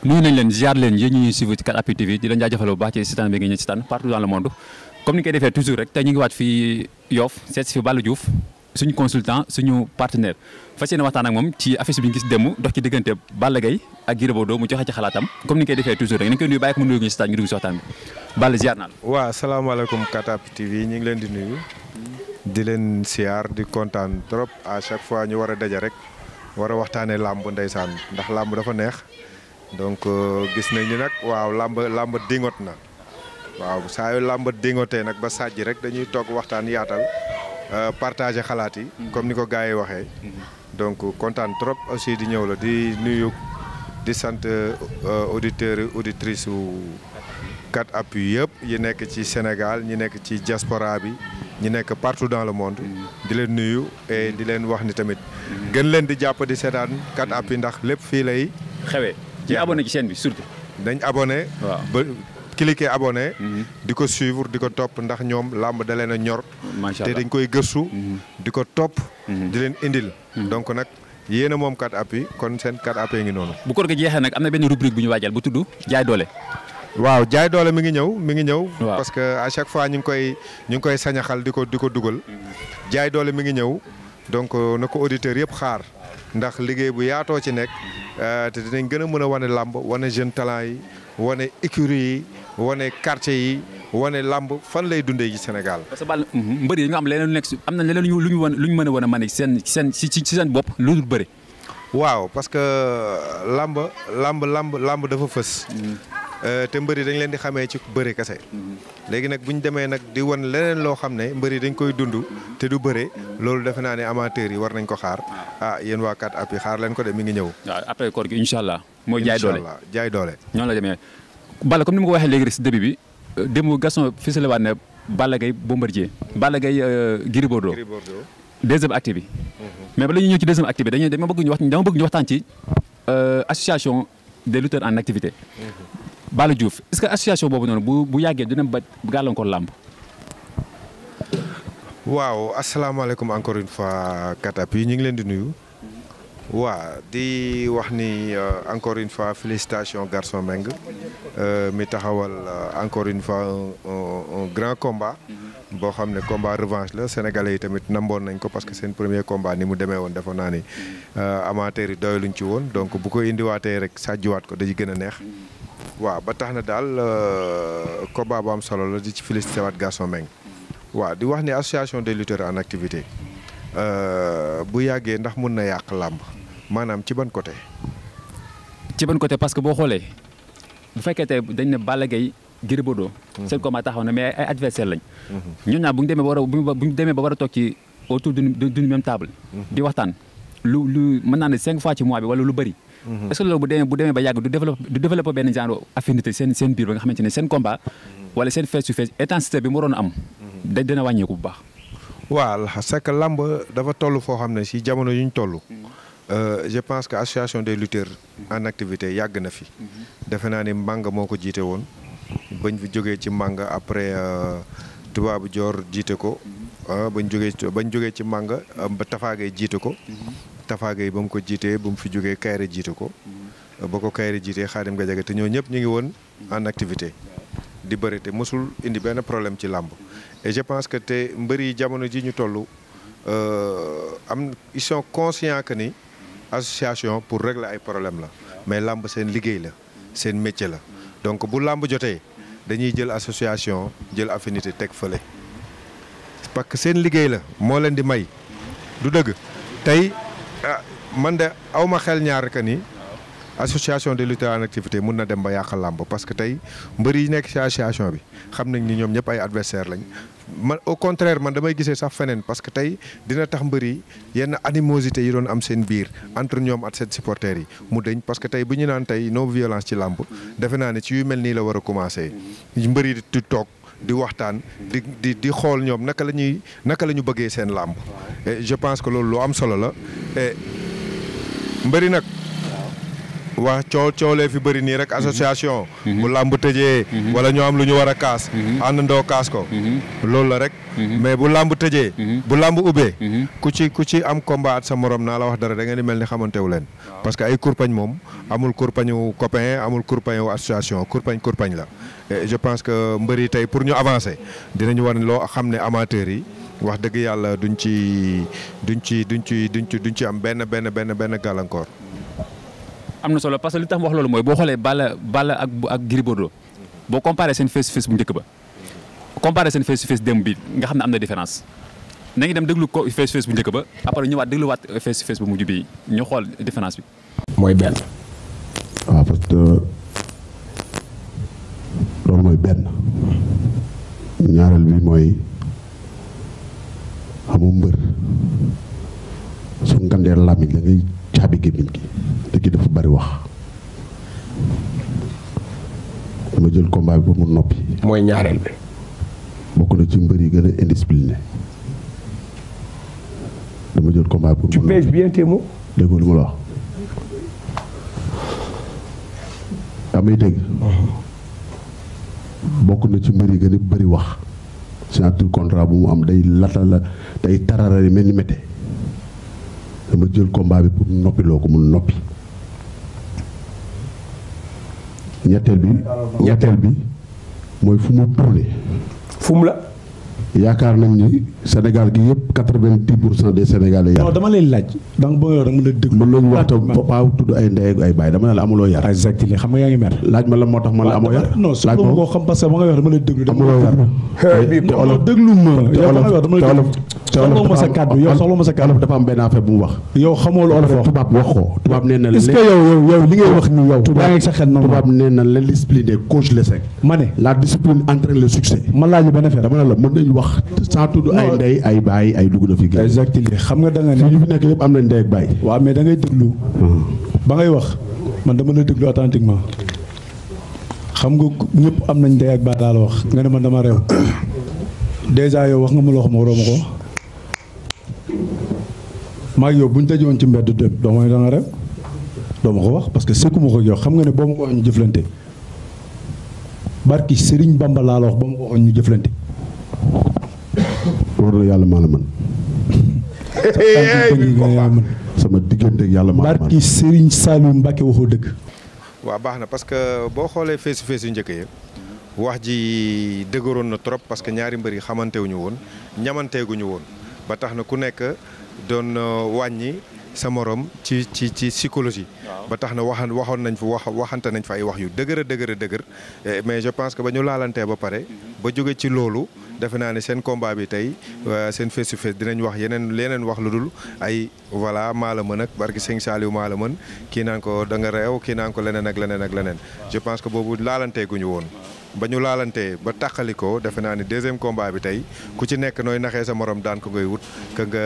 nuyu nañ leen ziar leen yéen ñu ñuy suivre ci 4appuis TV di leen jaajëfal bu baax ci sitaan bi nga ñu sitaan partout dans le monde comme ni koy defee toujours rek tey ñu ngi waat fii Yoff seet si fi Balla Diouf suñu consultant suñu partenaire fas yéene waxtaan ak moom ci affiche bi ñu gis démb dox ci diggante Balla Gaye ak Gris Bordeaux mu joxe ci xalaatam comme ni koy defee toujours rek nañ koy nuyu bàyyi ko mu nuyu ñu sitaan ñu dugg si waxtaan bi Balla ziar naa la waaw asalaamaaleykum 4appuis TV ñu ngi leen di nuyu di leen siyaar di kontaan trop à chaque fois ñu war a daje rek war a waxtaanee làmb ndeysaan ndax làmb dafa neex donc euh, gis nañ ni nag waaw làmb làmb dingot na waaw saa yu làmb dingotee nag ba sàjj rek dañuy toog waxtaan yaatal euh, partager xalaat yi. Mm-hmm. comme ni ko gars yi waxee. Mm-hmm. donc kontaan trop aussi di ñëw la di nuyu di sant euh, auditeurs auditrices su quatre appuis yëpp yi nekk ci Sénégal ñi nekk ci diaspora bi. ñi nekk partout dans le monde. Mm-hmm. di leen nuyu et di leen wax ni tamit. gën leen di jàpp di seetaan quatre appuis ndax lépp fii lay. xewee. ci abonné ci chaîne bi surtout. dañ abonné. waaw ba cliquer abone mhm. di ko suivre di ko topp ndax ñoom làmb da leen a ñor. macha te dañ koy gëstu. Mhm. di ko topp. Mhm. di leen indil. donc nag yéen a moom 4appuis kon seen 4appuis ngi noonu. bu ko ko jeexee nag am na benn rubrique bu ñu waajal bu tudd jaay doole. waaw jaay doole mi ngi ñëw mi ngi ñëw. parce que à chaque fois ñu ngi koy ñu ngi koy sañaxal di ko di ko dugal. jaay doole mi ngi ñëw donc euh, na ko auditeurs yëpp xaar. ndax liggéey bu yaatoo ci nekk euh, te dinañ gën a mën a wane làmb wane jeune talent yi wane écurie yi wane quartier yi wane làmb fan lay dundee ci Sénégal. parce que bal mbër yi nga xam leneen lu nekk am na leneen lu ñu wan lu ñu mën a wan a mane seen seen si si seen bopp lu dul bëri. waaw parce que euh, làmb làmb làmb làmb dafa fës. Mm. Euh, te mbër mbëri dañ leen di xamee ci bëri kese léegi nag bu ñu demee nag di wan leneen loo xam ne mbër yi dañ koy dund te du bëre loolu defe naa ne amateurs yi war nañ ko xaar ah, ah yéen waa 4 yi xaar leen ko de mi ngi ñëw waaw après koor gi incha allah mooy jaay doole jaay doole la demee bala comme ni mu ko waxee léegi rek si début bi euh, démb Gaston fisale waat ne Balla Gaye Bombardier Balla Gaye euh, Gris Bordeaux deuxième acte bi mhm. mais ba la ñëw ci deuxième acte bi dañuy dama bëgg ñu wax dama bëgg ñu waxtaan ci association des lutteurs en activité mhm. Balla Diouf est-ce que association boobu noonu bu bu yàggee dina ba gàllankoor làmb. waaw asalaamaaleykum encore une fois katap yi ñu ngi leen di nuyu. waa di wax ni euh, encore une fois félicitations Gaston Mbengue euh, mi taxawal euh, encore une fois un grand combat boo xam ne combat revanche la sénégalais yi tamit namboon nañ ko parce que seen premier combat ni mu demee woon defe naa ni amateurs yi doyaluñ ci woon donc bu ko indiwaatee rek sàjjiwaat ko dañu gën a neex waaw ba tax na daal euh, combat bu am solo la di ci félicité waat Gaston Mbengue waaw di wax ni association des lutteurs en activité euh, bu yàggee ndax mun na yàq làmb maanaam ci ban côté. ci ban côté parce que boo xoolee bu fekkee tey dañ ne Balla Gaye Gris Bordeaux mhm. seen combat taxaw na mais ay adversaire lañ. Mhm. ñun ñaar bu ñu demee ba war a bu ñu demee ba war a toog ci autour d'une même mhm. di waxtaan lu lu mën naa ne cinq fois ci mois bi wala lu bëri. est ce que loolu bu demee bu demee ba yàgg du développé du développé benn genre affinité seen seen biir ba nga xamante ne seen combat wala seen face to face intensité bi mu waroon am da dina wàññeeku bu baax waaw c'est que dafa toll foo xam ne si jamono yu ñu toll euh, je pense que association des lutteurs en activité yàgg na fi defe naa ni Manga moo ko jiite woon bañ fi jógee ci Manga après euh, tubaabu joor jiite ko euh, bañ jógee bañ jógee ci Manga ba tafaagee jiite ko Tafa Gueye ba mu ko jiitee ba mu fi jógee Kayre jiite ko ba ko Kayre jiitee Xaadim Gadiaga te ñoo ñëpp ñu ngi woon en activité di bëri te mosul indi benn problème ci làmb et je pense que te mbëri yi jamono ji ñu toll euh, am ils sont que ni association pour régler ay problème la mais làmb seen liggéey la seen métier la donc bu làmb jotee dañuy jël association jël affinité teg fële parce que seen liggéey la moo leen di may du dëgg ah man de aw ma xel ñaar que ni. association de lutte activité mun na dem ba yàq làmb parce que tey mbër yi nekk ci association bi xam nañ ni ñoom ñëpp ay adversaire lañ man au contraire man damay gisee sax feneen parce que tey dina tax mbër yi yenn animosité yi doon am seen biir entre ñoom ak seen supporters yi mu deñ parce que tey bu ñu naan tey non violence ci làmb defe naa ne ci yu mel nii la war a commencé mbër yi di toog. di waxtaan di di di xool ñoom naka la ñuy naka la ñu bëggee seen làmb et je pense que loolu lu am solo la mbëri nag wax coow coowlee fi bëri nii rek association mhm. bu làmb tëjee mhm. wala ñoo am lu ñu war a kaas mhm. àndandoo kaas ko loolu la rek mais bu làmb tëjee bu làmb ubbee ku ci ku ci am combat at sa morom naa la wax dara da ngeen di mel ni xamantewu leen parce que ay kurpañ moom amul kurpañu copain amul kurpañu association kurpañ kurpañ la je pense que mbëri tey pour ñu avancer dinañu war loo xam ne amateurs yi wax dëgg yàlla duñ ci duñ ci duñ ci duñ ci duñ ci am benn benn benn benn gàllankoor am na solo parce que li tax wax loolu mooy boo xoolee Balla Balla ak ak Gris boo comparé seen face bu njëkk ba comparé seen face bi nga xam ne am na différence nañu dem déglu ko bu njëkk ba après ñëwaat dégluwaat face to face bu mujj bi ñu xool différence bi. mooy ah, que loolu mooy benn ñaareel bi mooy xamu mbër su ngandee làmmiñ da caabi gémmiñ gi te gi dafa bari wax ma jël combat bi mu noppi. mooy ñaareel bi. bokk na ci mbër yi gën a indiscipliné dama jël combat bi. tu pèses wax. Uh-huh. bokk na ci mbër yi gën a bëri wax. signature contrat bu mu am day lata la day tararari mel ni mété dama jël combat bi pour noppiloo ko mu noppi. ñetteel bi ñetteel bi mooy fu mu tourné. fu mu la. yaakaar nañ ni Sénégal gi yëpp quatre-vingt-dix pour cent des sénégalais. non dama lay laaj. donc boo yoree mën na déglu. mën nañu wax tam papa tudd ay ndey ak ay baay dama ne la xam nga yaa laaj ma la moo tax ma la amoo yar. non su ma ko xam parce que ma te olof te olof te olof soxla ma sa kàddu yow soxla ma sa kàddu dafa am benn affaire bu mu wax. yow xamoo lu olof wax wax ko tubaab nee na. est li ngay wax ni yow. tubaab yaa sa xel noonu tubaab nee na la discipline des coach les secs. ma ne la discipline succès. ma ne la mën nañu wax sans tudd ay ndey ay baay ay dugg na fi. exactement xam nga da nga ne fii ñu nekk yëpp am nañ ndey ak baay. waaw mais da ngay hmm. ba ngay wax man dama la déglu attentivement xam nga ñëpp am nañ ndey ak baa laa la wax nga ne man dama réew déjà yow wax nga ma loo xam waroo ma ko maa ngi yow bu ñu dajoon ci mbedd dem doo ma ne da nga doo ma ko wax parce que sekkuma ko yow xam nga ne boo ma ko waxee ñu jëflante barki Serigne Bamba laa la wax boo ma ko waxee ñu jëflante. war na yàlla maa la sama diggante ak yàlla maa la mën barki Serigne Saliou Mbacke waxoo dëgg. waa baax na parce que boo xoolee feesu feesu njëkk yi wax ji dëgëroon na trop parce que ñaari mbër yi xamante woon ñamanteeguñu woon ba tax na ku nekk. doon euh, wàññi sa morom ci ci ci psychologie. ba tax na waxan waxoon nañ fa wax waxante nañ fa ay wax yu dëgër a dëgër eh, mais je pense que ba ñu laalantee ba pare. ba jóge ci loolu. defe naa ne seen combat bi tey euh, seen face to dinañ wax yeneen leneen wax lu dul ay voilà maa la mën ak barki sëñ Saliou maa la mën kii naan ko da nga réew kii naan ko leneen ak leneen ak leneen. je pense que boobu laalanteeguñu woon. ba ñu laalantee ba tàqali ko defe naa ni deuxième combat bi tey ku ci nekk nooy naxee sa morom daan ko koy wut ka nga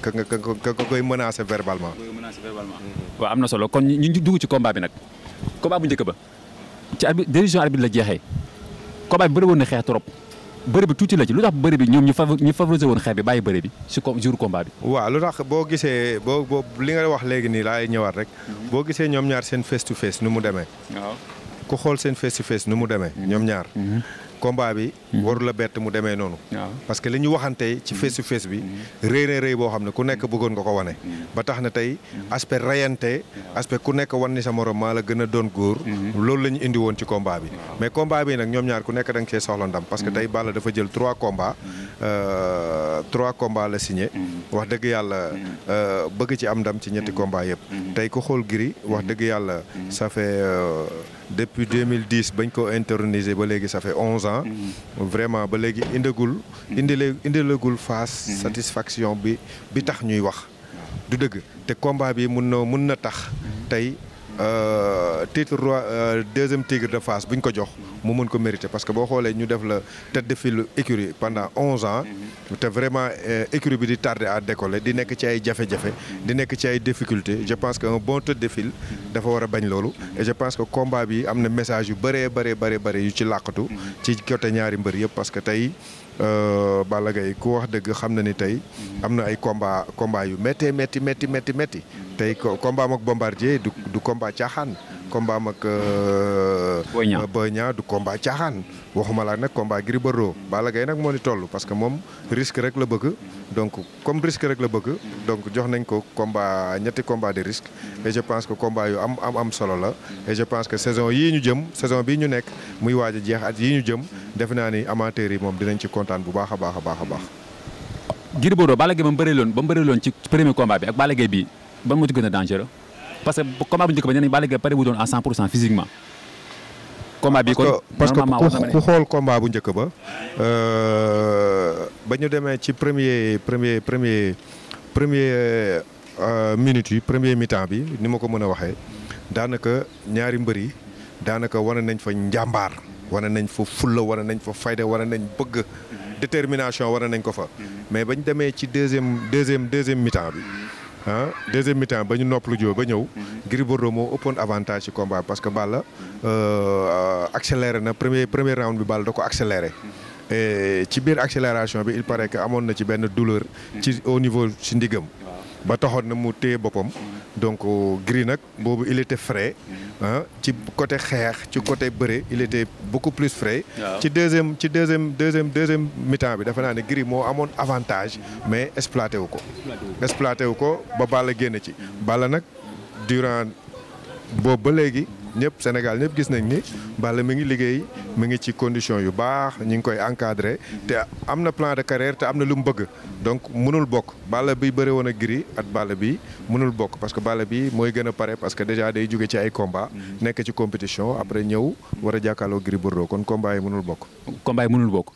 ka nga ka nga koy menacer verbalement. waaw am na solo kon ñu ngi dugg ci combat bi nag combat bu njëkk ba ci arbitre décision arbitre la jeexee combat bi bëri woon na xeex trop. bëri bi tuuti la ci lu tax bëri bi ñoom ñu fa ñu favoriser woon xeex bi bàyyi bëri bi si jour combat bi. waaw lu tax boo gisee boo boo li nga wax léegi nii laay ñëwaat rek. Mm-hmm. boo gisee ñoom ñaar seen face to face nu mu demee. waaw ku xool seen face to face nu mu demee ñoom ñaar mhm. combat bi mhm. waru la bett mu demee noonu parce que li ñu waxante ci mhm. face to face bi rëy na rëy boo xam ne ku nekk bëggoon nga ko wane ba tax na tey aspect rayante aspect ku nekk wan ni sa morom maa la gën a doon góor loolu la ñu indi woon ci combat bi mais combat bi nag ñoom ñaar ku nekk da nga cee soxla ndam parce que tey Balla dafa jël trois combats euh, trois combats la signé. Mm-hmm. wax dëgg yàlla mm-hmm. euh, bëgg ci am ndam ci ñetti mm-hmm. combats yëpp. tey ko xool Gris wax dëgg yàlla ça fait euh, depuis 2010 bañ ko internisé ba léegi ça fait onze ans. vraiment ba léegi indagul. indile indilagul face. satisfaction bi bi tax ñuy wax. du dëgg te combat bi mun na mun na tax tey euh, titre roi deuxième tigre de Fass buñ ko jox mu mën ko mérité parce que boo xoolee ñu def la tête de file écurie pendant onze ans. Mhm. te vraiment euh, écurie bi di tardé à décoller di nekk ci ay jafe-jafe. di nekk ci ay difficultés je pense que un bon tête de dafa war a bañ loolu. je pense que combat bi am na message yu bëree bëree bëri yu ci làqatu. Mhm. ci côté ñaari mbër yëpp parce que tey. Euh, Balla Gaye ku wax dëgg xam na ni tey mhm. am na ay combat combat yu métti métti métti métti tey combat am ak Bombardier du du combat caaxaan combat am ak. Euh, euh, Boy Niang du combat caaxaan. waxuma laa nag combat Gris Bordeaux. Balla Gaye nag moo ni toll parce que moom risque rek la bëgg. donc comme risque rek la bëgg. donc jox nañ ko combat ñetti combat de risque. et je pense que combat yu am am am solo la. et je pense que saison yii ñu jëm saison bi ñu nekk muy waaj a jeex at ñu jëm defe naa ni amateurs yi moom dinañ ci kontaan bu baax a baax a baax a baax. Gris Bordeaux ba mu bëreeloon ba mu bëreeloon ci premier combat bi ak Balla Gaye bi ban moo ci gën a dangereux. parce que combat bu njëkk ba nee nañ Balla Gaye pare wu doon à 100 pour cent physiquement. combat bi kon parce que ku xool combat bu njëkk ba. Euh, ba ñu demee ci premier premier premier premier euh, minute yi premier mi bi ni ma ko mën a waxee daanaka ñaari mbër yi daanaka wane nañ fa njàmbaar wane nañ fa fulla wane nañ fa fayda wane nañ bëgg. détermination wane nañ ko fa. mais bañ demee ci deuxième deuxième deuxième mi bi. ah deuxième mi-temps ba ñu noppalu joo ba ñëw. Mhm. Gris Bordeaux moo ëppoon avantage ci combat parce que Balla euh, euh, accéléré na premier premier round bi Balla da ko accéléré. Mhm. ci biir accélération bi il pare que amoon na ci benn douleur. ci au niveau ci ndigam. ba taxoon na mu téye boppam donc euh, Gris nag boobu il était frais ah ci côté xeex ci côté bëre il était beaucoup plus frais ci deuxième ci deuxième deuxième deuxième mi bi dafa naa ne Gris moo amoon avantage mais exploité wu ko exploité wu ko ba Balla génn ci Balla nag durant boobu ba léegi ñëpp Sénégal ñëpp gis nañ ni Balla mi ngi liggéey mi ngi ci condition yu baax ñu ngi koy encadré te am na plan de carrière te am na lu mu bëgg donc mënul bokk Balla bi bëre woon ak Gris at Balla bi mënul bokk parce que bala bi mooy gën a pare parce que déjà day jóge ci ay combat nekk ci compétition après ñëw war a jàkkaarloo Gris Bordeaux kon combat yi mënul bokk. combat yi mënul bokk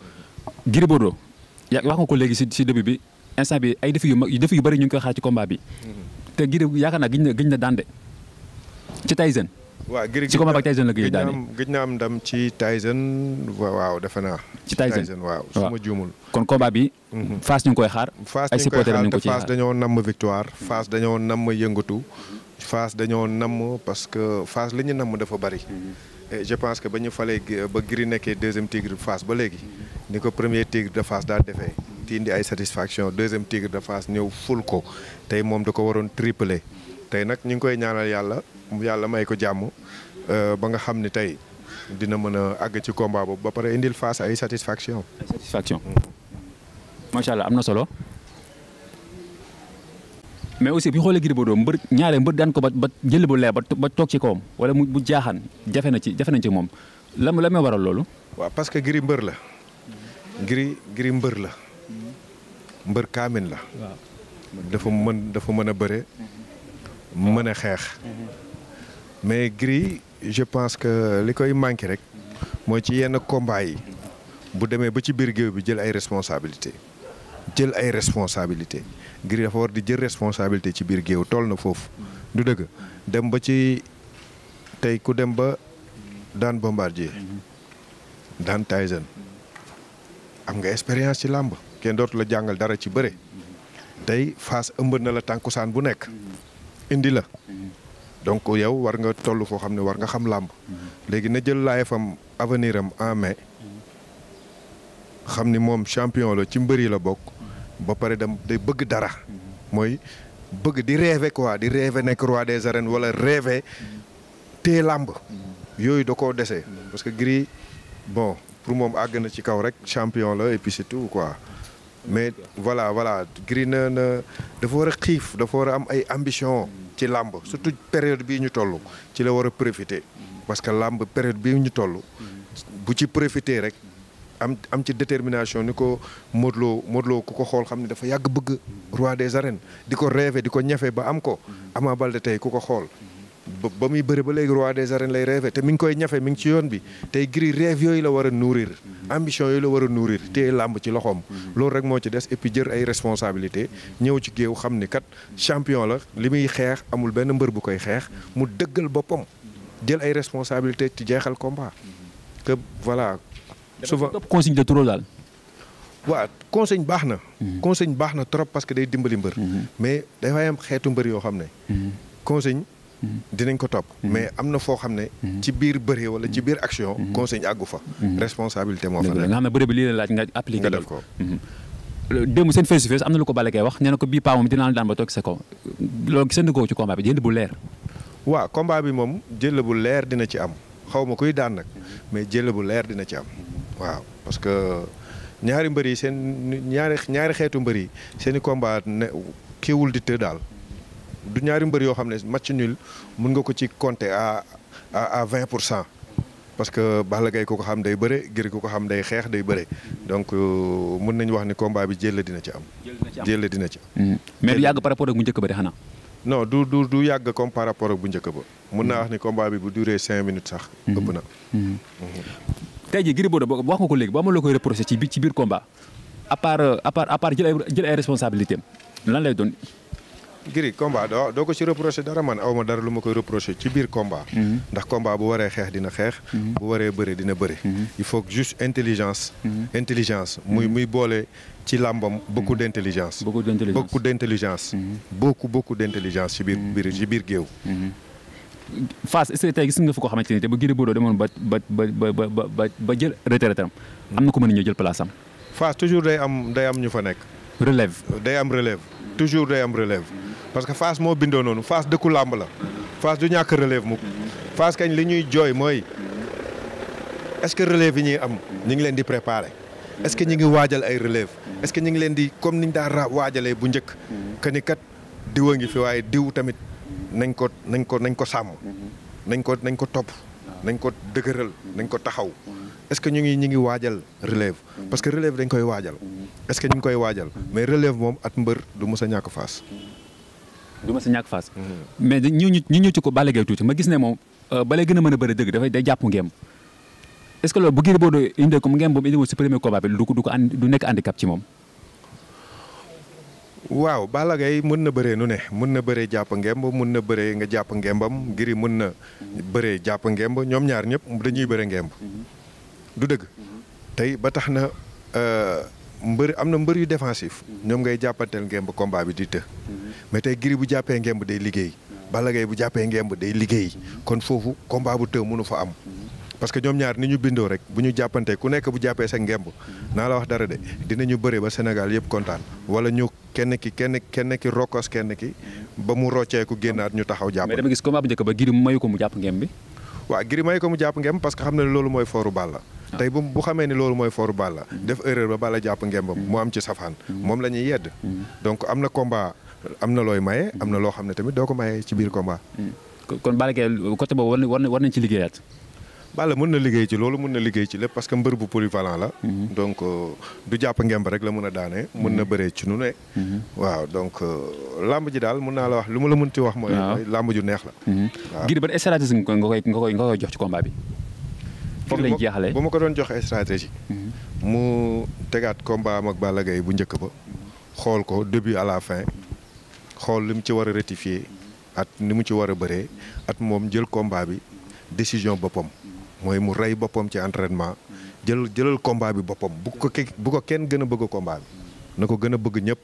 Gris Bordeaux yaa wax nga ko léegi si si début bi instant bi ay défi yu mag défi yu bëri ñu ngi koy xaar ci combat bi mhm. te Gris yaakaar naa na gëj na daan de ci Tyson waaw giri ci combat ak Tyson la gëj daane gëj naa am ndam ci Tyson waaw defe naa. ci Tyson waaw su ma juumul. kon combat bi. Mhm. Fass ñu ngi koy xaar. ay supporters ñu ngi ko ciy xaar Fass dañoo namm victoire Fass dañoo namm yëngatu. Fass dañoo namm parce que Fass li ñu namm dafa bari. Mhm. et je pense que ba ñu falee ba giri nekkee deuxième tigre de ba léegi. ni ko premier tigre de Fass daal defee. ci indi ay satisfaction deuxième tigre de Fass ñëw ful ko tey moom da ko waroon tripler. tey nag ñu ngi koy ñaanal yàlla yàlla may ko jàmm euh, ba nga xam ni tey dina mën a àgg ci combat boobu ba pare indil face ay satisfaction. satisfaction macha allah am na solo. mais aussi bu ñu xoolee Gris Bordeaux mbër ñaare mbër daan ko ba ba jël bu leer ba toog ci kawam wala mu bu jaaxaan jafe na ci jafe nañ ci moom la la ma waral loolu. waaw parce que Gris mbër la. Gris Gris mbër la. mbër kaamin la. dafa mën dafa mën a bëre. mën a xeex mais Gris je pense que li koy manqué rek mooy ci yenn combat yi bu demee ba ci biir géew bi jël ay responsabilité jël ay responsabilité Gris dafa di jël responsabilité ci biir géew toll na foofu du dëgg dem ba ci tey ku dem ba daan bombardier daan Tyson am nga expérience ci làmb kenn dootu la jàngal dara ci bëre tey Fass ëmb na la tànkusaan bu nekk indi la donc yow war nga toll foo xam ne war nga xam làmb léegi na jël laayefam avenir am en mai xam ni moom champion la ci mbëri la bokk ba pare dem day bëgg dara mooy bëgg di rêver quoi di rêver nekk roi des arènes wala rêver tée làmb yooyu da ko desee parce que Gris bon pour moom àgg na ci kaw rek champion la et puis tout quoi mais voilà voilà Gris na na dafa war a xiif dafa war a am ay ambition ci làmb surtout période bii ñu toll ci la war a profiter parce que làmb période bii ñu toll bu ci profiter rek am am ci détermination ni ko Modou Lo ku ko xool xam ne dafa yàgg bëgg roi des arènes di ko rêver di ko ñafe ba am ko Ama Baldé tey ku ko xool ba muy bëri ba léegi roi des arènes lay rêvé te mi ngi koy ñafe mi ngi ci yoon bi tey Gris rêve yooyu la war a nourrir ambition yooyu la war a nourrir téye làmb ci loxoom loolu rek moo ci des et puis jër ay responsabilité ñëw ci géew xam ni kat champion la li muy xeex amul benn mbër bu koy xeex mu dëggal boppam jël ay responsabilité ci jeexal combat que voilà souvent consigne de trop daal waaw baax na mhm. conseil baax na trop parce que day dimbali mbër mhm. mais dafay am xeetu mbër yoo xam ne mhm. conseil dinañ ko topp mhm. mais am na foo xam ne mhm. ci biir bëree wala ci mhm. biir action conseil àggu fa responsabilité moo fa nekk nga xam ne bëre bi lii la laaj nga appliqué nga def ko démb seen face to face am na lu ko balekee wax nee na ko bii paa dina la daan ba toog sa ko loolu gisandi ko ci combat bi jënd bu leer waaw combat bi moom jël bu leer dina ci am xaw ma kuy daan nag mais jël bu leer dina ci am waaw parce que ñaari mbër yi seen ñaari ñaari xeetu mbër yi seen i combat ne kiiwul di daal du ñaari mbër yoo xam ne match nul mun nga ko ci compter a à vingt pour cent parce que Balla Gaye ko ko xam day bëre Gris ku ko xam day xeex day bëre donc euh, mun nañu wax ni combat bi jël la dina ci am. jël la dina ci hmm. mais du yàgg par rapport ak bu njëkk ba de xanaa. non du du du yàgg comme par ak bu njëkk ba. mun naa hmm. wax ni combat bi bu duree cinq minutes sax. Hmm. ëpp na. tey jii Gris Bordeaux wax nga ko léegi boo ma la koy reproché ci biir ci biir combat euh, à part à part jël ay jël ay lan lay doon. Gris combat doo doo ko ci reproché dara man aw ma dara lu ma koy reproché ci biir combat. Mhm. ndax komba bu waree xeex dina xeex. Mhm. bu waree bëre dina bëre. Mhm. il faut juste intelligence. intelligence muy muy boole ci làmbam beaucoup d'intelligence. beaucoup d'intelligence beaucoup d'intelligence. beaucoup beaucoup d'intelligence ci biir biir ci biir géew. Fass est-ce que tey gis nga fu ko xamante ni te bu Gris Bordeaux demoon ba ba ba ba ba jël retraite am. am na ko mën a ñëw jël place am. Fass toujours day am day am ñu fa nekk. relève day am relève toujours day am relève. parce que Fass moo bindoo noonu Fass dëkku làmb la Fass du ñàkk relève mu Fass kañ li ñuy jooy mooy est-ce que relève yi ñuy am ñu ngi leen di préparer est-ce que ñu ngi waajal ay relève est-ce ñu ngi leen di comme niñ daan waajalee bu njëkk que ni kat diw a ngi fi waaye diw tamit nañ ko nañ ko nañ ko sàmm nañ ko nañ ko topp nañ ko dëgëral nañ ko taxaw est que ñu ngi ñu ngi waajal relève parce que relève dañ koy waajal est que ñu ngi koy waajal mais relève moom at mbër du mës a ñàkk Fass du ma sa ñàkk faas. Mm-hmm. mais ñu ñu ñu ci ko Balla Gaye tuuti ma gis ne moom euh, balay gën a mën a bëri dëgg dafay day jàpp ngeem est-ce que loolu bu Gris Bordeaux indee comme ngeem boobu indiwul si premier combat bi du ko du ko du nekk handicap ci moom. waaw Balla Gaye mën na bëree nu ne mën na bëree jàpp ngemb mën na bëree nga jàpp ngembam Gris mën na bëree jàpp ngemb ñoom ñaar ñëpp dañuy bëre ngemb mm-hmm. du dëgg mm-hmm. tey ba tax na euh, mbër am na mbër yu défensif. ñoom ngay jàppanteel ngemb combat bi di të. mais tey Gris bu jàppee ngemb day liggéey. Balla Gaye bu jàppee ngemb day liggéey. kon foofu combat bu të mënu fa am. parce que ñoom ñaar ni ñu bindoo rek bu ñu jàppante ku nekk bu jàppee sa ngemb. naa la wax dara de ñu bëre ba senegal yëpp kontaan. wala ñu kenn ki kenn kenn ki rokkos kenn ki. ba mu rocceeku génnaat ñu taxaw jàpp. mais dama gis combat bu njëkk ba Gris mayu ko mu jàpp ngemb bi. waaw Gris mayu ko parce que xam na loolu mooy fooru Balla Ah. tey bu bu xamee ne loolu mooy fooru Balla def erreur ba Balla jàpp ngembam mu am ci safaan hmm. moom la ñuy yedd hmm. donc am na combat am na looy maye am na loo xam ne tamit doo ko maye ci biir combat hmm. kon Balla Gaye côté boobu war war nañ ci liggéeyaat la mën na liggéey ci loolu mën na liggéey ci lépp parce que mbër bu polyvalent la donc euh, du jàpp ngemb rek la mën a daanee mën na bëree ci nu ne waaw donc euh, làmb ji daal mun naa la wax lu ma la mën ci wax mooy làmb ju neex la waaw Gris ban stratégie nga koy nga koy nga jox ci combat bi foofu lañ jeexalee bu ma ko doon jox stratégie. Mhm. mu tegaat combat ak Balla bu njëkk ba. xool ko début à la fin xool li mu ci war a rectifier at ni mu ci war a bëree at moom jël combat bi décision boppam mooy mu rey boppam ci entraînement jël jëlal combat bi boppam bu ko bu ko kenn gën a bëgg combat bi na ko gën a bëgg ñëpp.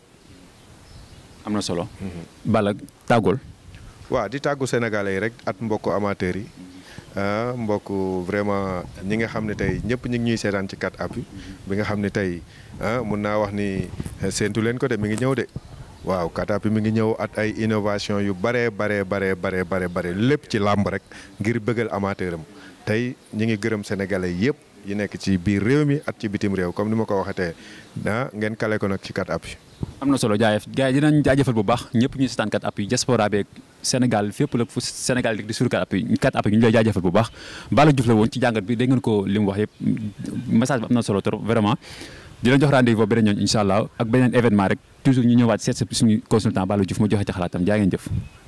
am na solo. Mhm. Balla tàggul. waaw di tàggu Sénégalais yi rek at mbokku amateurs yi. ah mbokk vraiment ñi nga xam ne tey ñëpp ñu ngi ñuy seetaan ci 4appuis bi nga xam ne tey ah mun naa wax ni eh, séentu leen ko de mi ngi ñëw de waaw 4appuis mi ngi ñëw at ay innovation yu baree baree baree baree bare bare lépp ci làmb rek ngir bëggal amateur am tey ñu ngi gërëm sénégalais yëpp yi nekk ci biir réew mi at ci bitim réew comme ni ma ko waxatee ah ngeen kale ko nag ci 4appuis. am na solo jaayef gars yi dinañ jaajëfal bu baax ñëpp ñu seetaan 4appuis diaspora Sénégal fépp la fu Sénégal di surkat app kat app ñu lay jaajëfal bu baax Balla Diouf la woon ci jàngat bi dégg ngeen ko li mu wax yëpp message bi am na solo trop vraiment di leen jox rendez-vous boobu beneen yoon incha allah ak beneen événement rek toujours ñu ñëwaat seet suñu consultant Balla Diouf ma joxe ci xalaatam jaa ngeen jëf